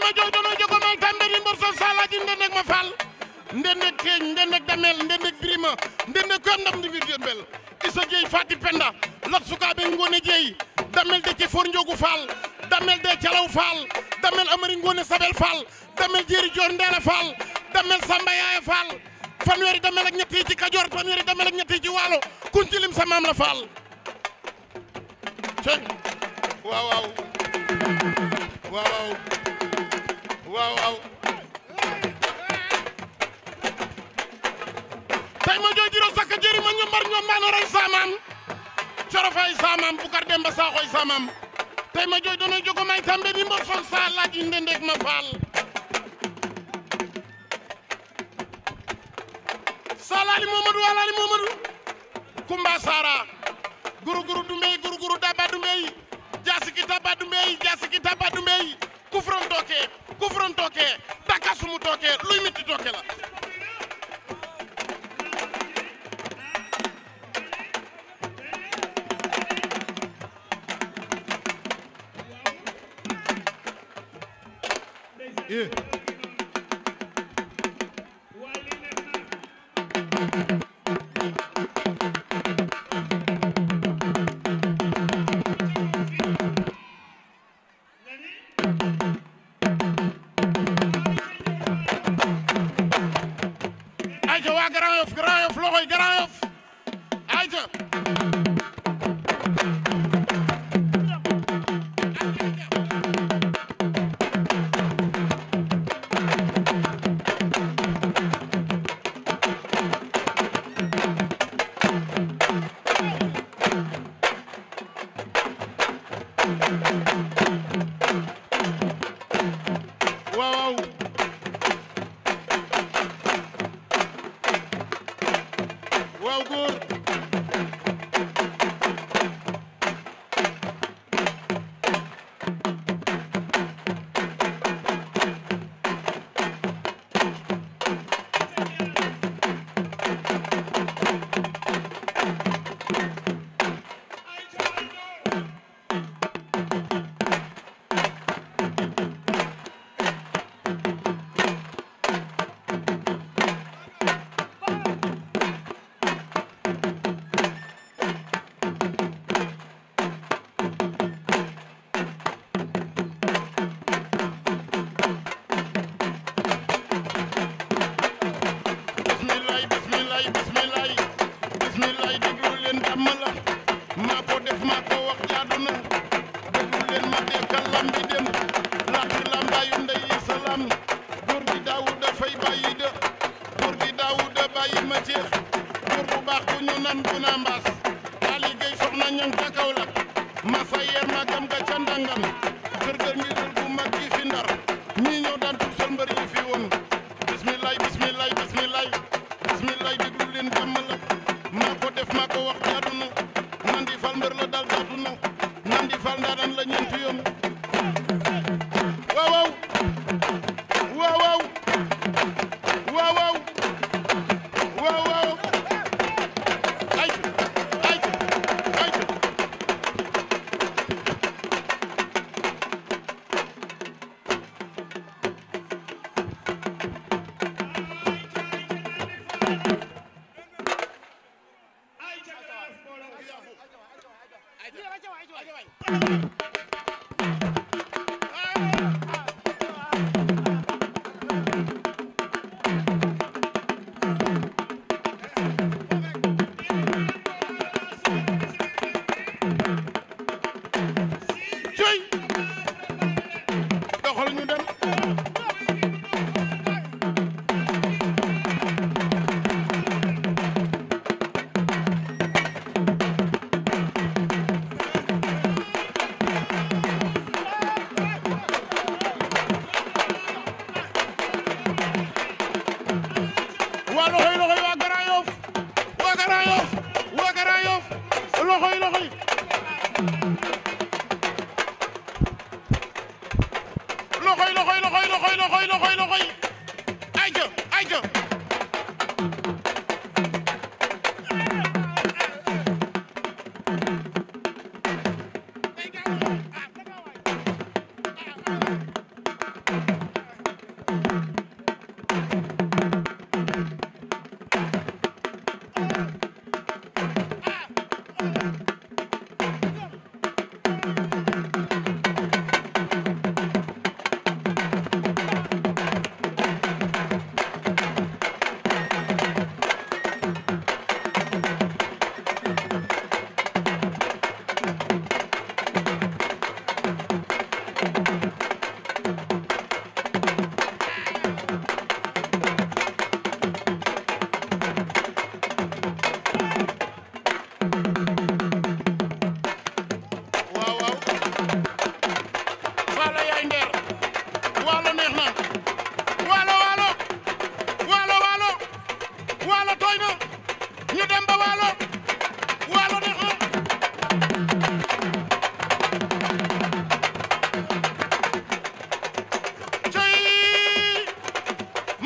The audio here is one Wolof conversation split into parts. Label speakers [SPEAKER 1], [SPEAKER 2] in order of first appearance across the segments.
[SPEAKER 1] ma jow dono jogo may tamberi mbor so salaji ndenek ma fal ndenek teñ ndenek damel ndenek birima ndenek ko ndam ndiwir dembel isa jeey fati penda lat sukaɓe jeey damel de ke for njogu fall damel de calaw fall amari ngone sabel fall damel jeeri jor ndela fall damel samba yaaya fall fanweeri damel ak ñetti ci kajoor fanweeri damel ak ñetti ci waalo kuñ ci sa maam la fall cey waaw waaw waaw waaw waaw waaw tey ma jooy jiro sakka saamaam corofay saamaam bukar demba saaxoy saamaam tey ma jooy dono jogo may tambe di mbor ma faal salaali momadou alaali momadou kumba sara guru guru dumbey guru guru daba dumbey jasiki taba dumbey jasiki taba dumbey kufran tooke takasumu tooke luy mitti tooke la ayca waa Grand Yoff Grand Yoff loxoy Grand Yoff ayca waaw góor gaay déglu jàmm la maa ko def maa ko wax jaadu na déglu leen ma dekkal lambi dem laati lambaayu ndey isalaam góor gi daawuda fay bàyyi dë góor gi da bàyyi ma ceex góor bu baax bu ñu nan bu naa mbaas daa liggéey soxna ñang ca kaw la masa yeer ma gam ga ca ndangam gërgër ngi dul bu mag gi fi ndar ñii ñoo daan tuusal mbër yi fi woon mbër la dal dootu naw naan di fal ndaanan la ñeenti yoon waay loxoy loxoy loxoy loxoy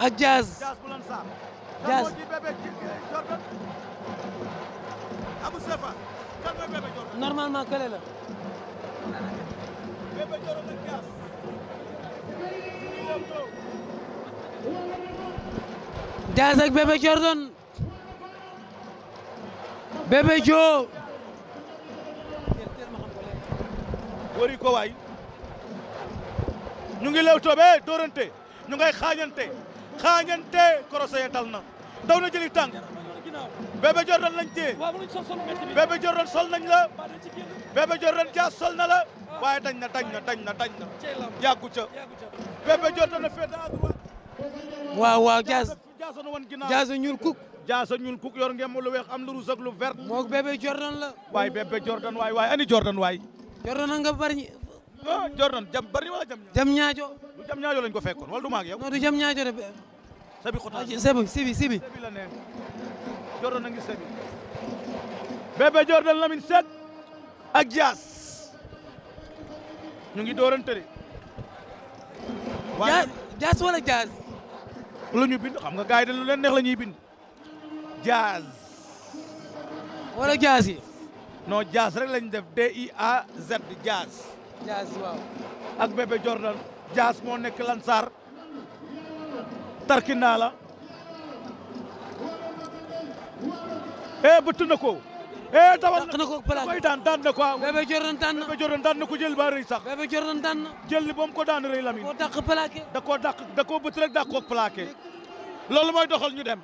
[SPEAKER 2] ak Diaz Diaz normalement kële la. Jordan Bébé Diop. wari ko waay ñu ngi lewtoo be dóorante. ñu ngay xaañante xaañante korosé tal na daw na jëli tànk Bébé Jordan lañ téye Bébé Jordan sol nañ la Bébé Jordan jaas sol na la waaye dañ na dañ na dañ na dañ na yàggu ca Bébé Jordan a féete à droite waaw waaw jaas jaasa nu wan ginnaaw jaasa ñuul kuk a ñuul kuk yor ngeen mu lu weex am lu rouge ak lu vert moog Bébé Jordan la waaye Bébé Jordan waay waay ani Jordan waay Jordan a nga bari ah Jordan jam bari wala jam. jam ñaajo. du jam ñaajo lañ ko fekkoon wala du maag yow. non du jam ñaajo de. Sabi Xota ah, Sabi Sibi Sibi. la ne Jordan a ngi Sabi. bébé Jordan Lamine Seck ak Dias ñu ngi doorante de. waaye Dias wala lu ñu bind xam nga gars yi de lu leen neex la ñuy bind. Dias. wala Dias yi. non Dias rek lañ def D I A Z Dias. Diaz waaw. ak bébé Jordan Diaz moo nekk Lansar naa la eh bëtt na ko. eh dawal na ko mooy daan daan na ko ah. bébé Jordan daan na bébé Jordan daan na ko jël ba rëy sax. bébé Jordan daan na. jël ba mu ko daan rëy Lamine. koo dàq plaqué. da koo dàq da koo bëtt rek dàq koog plaqué. mooy doxal ñu dem.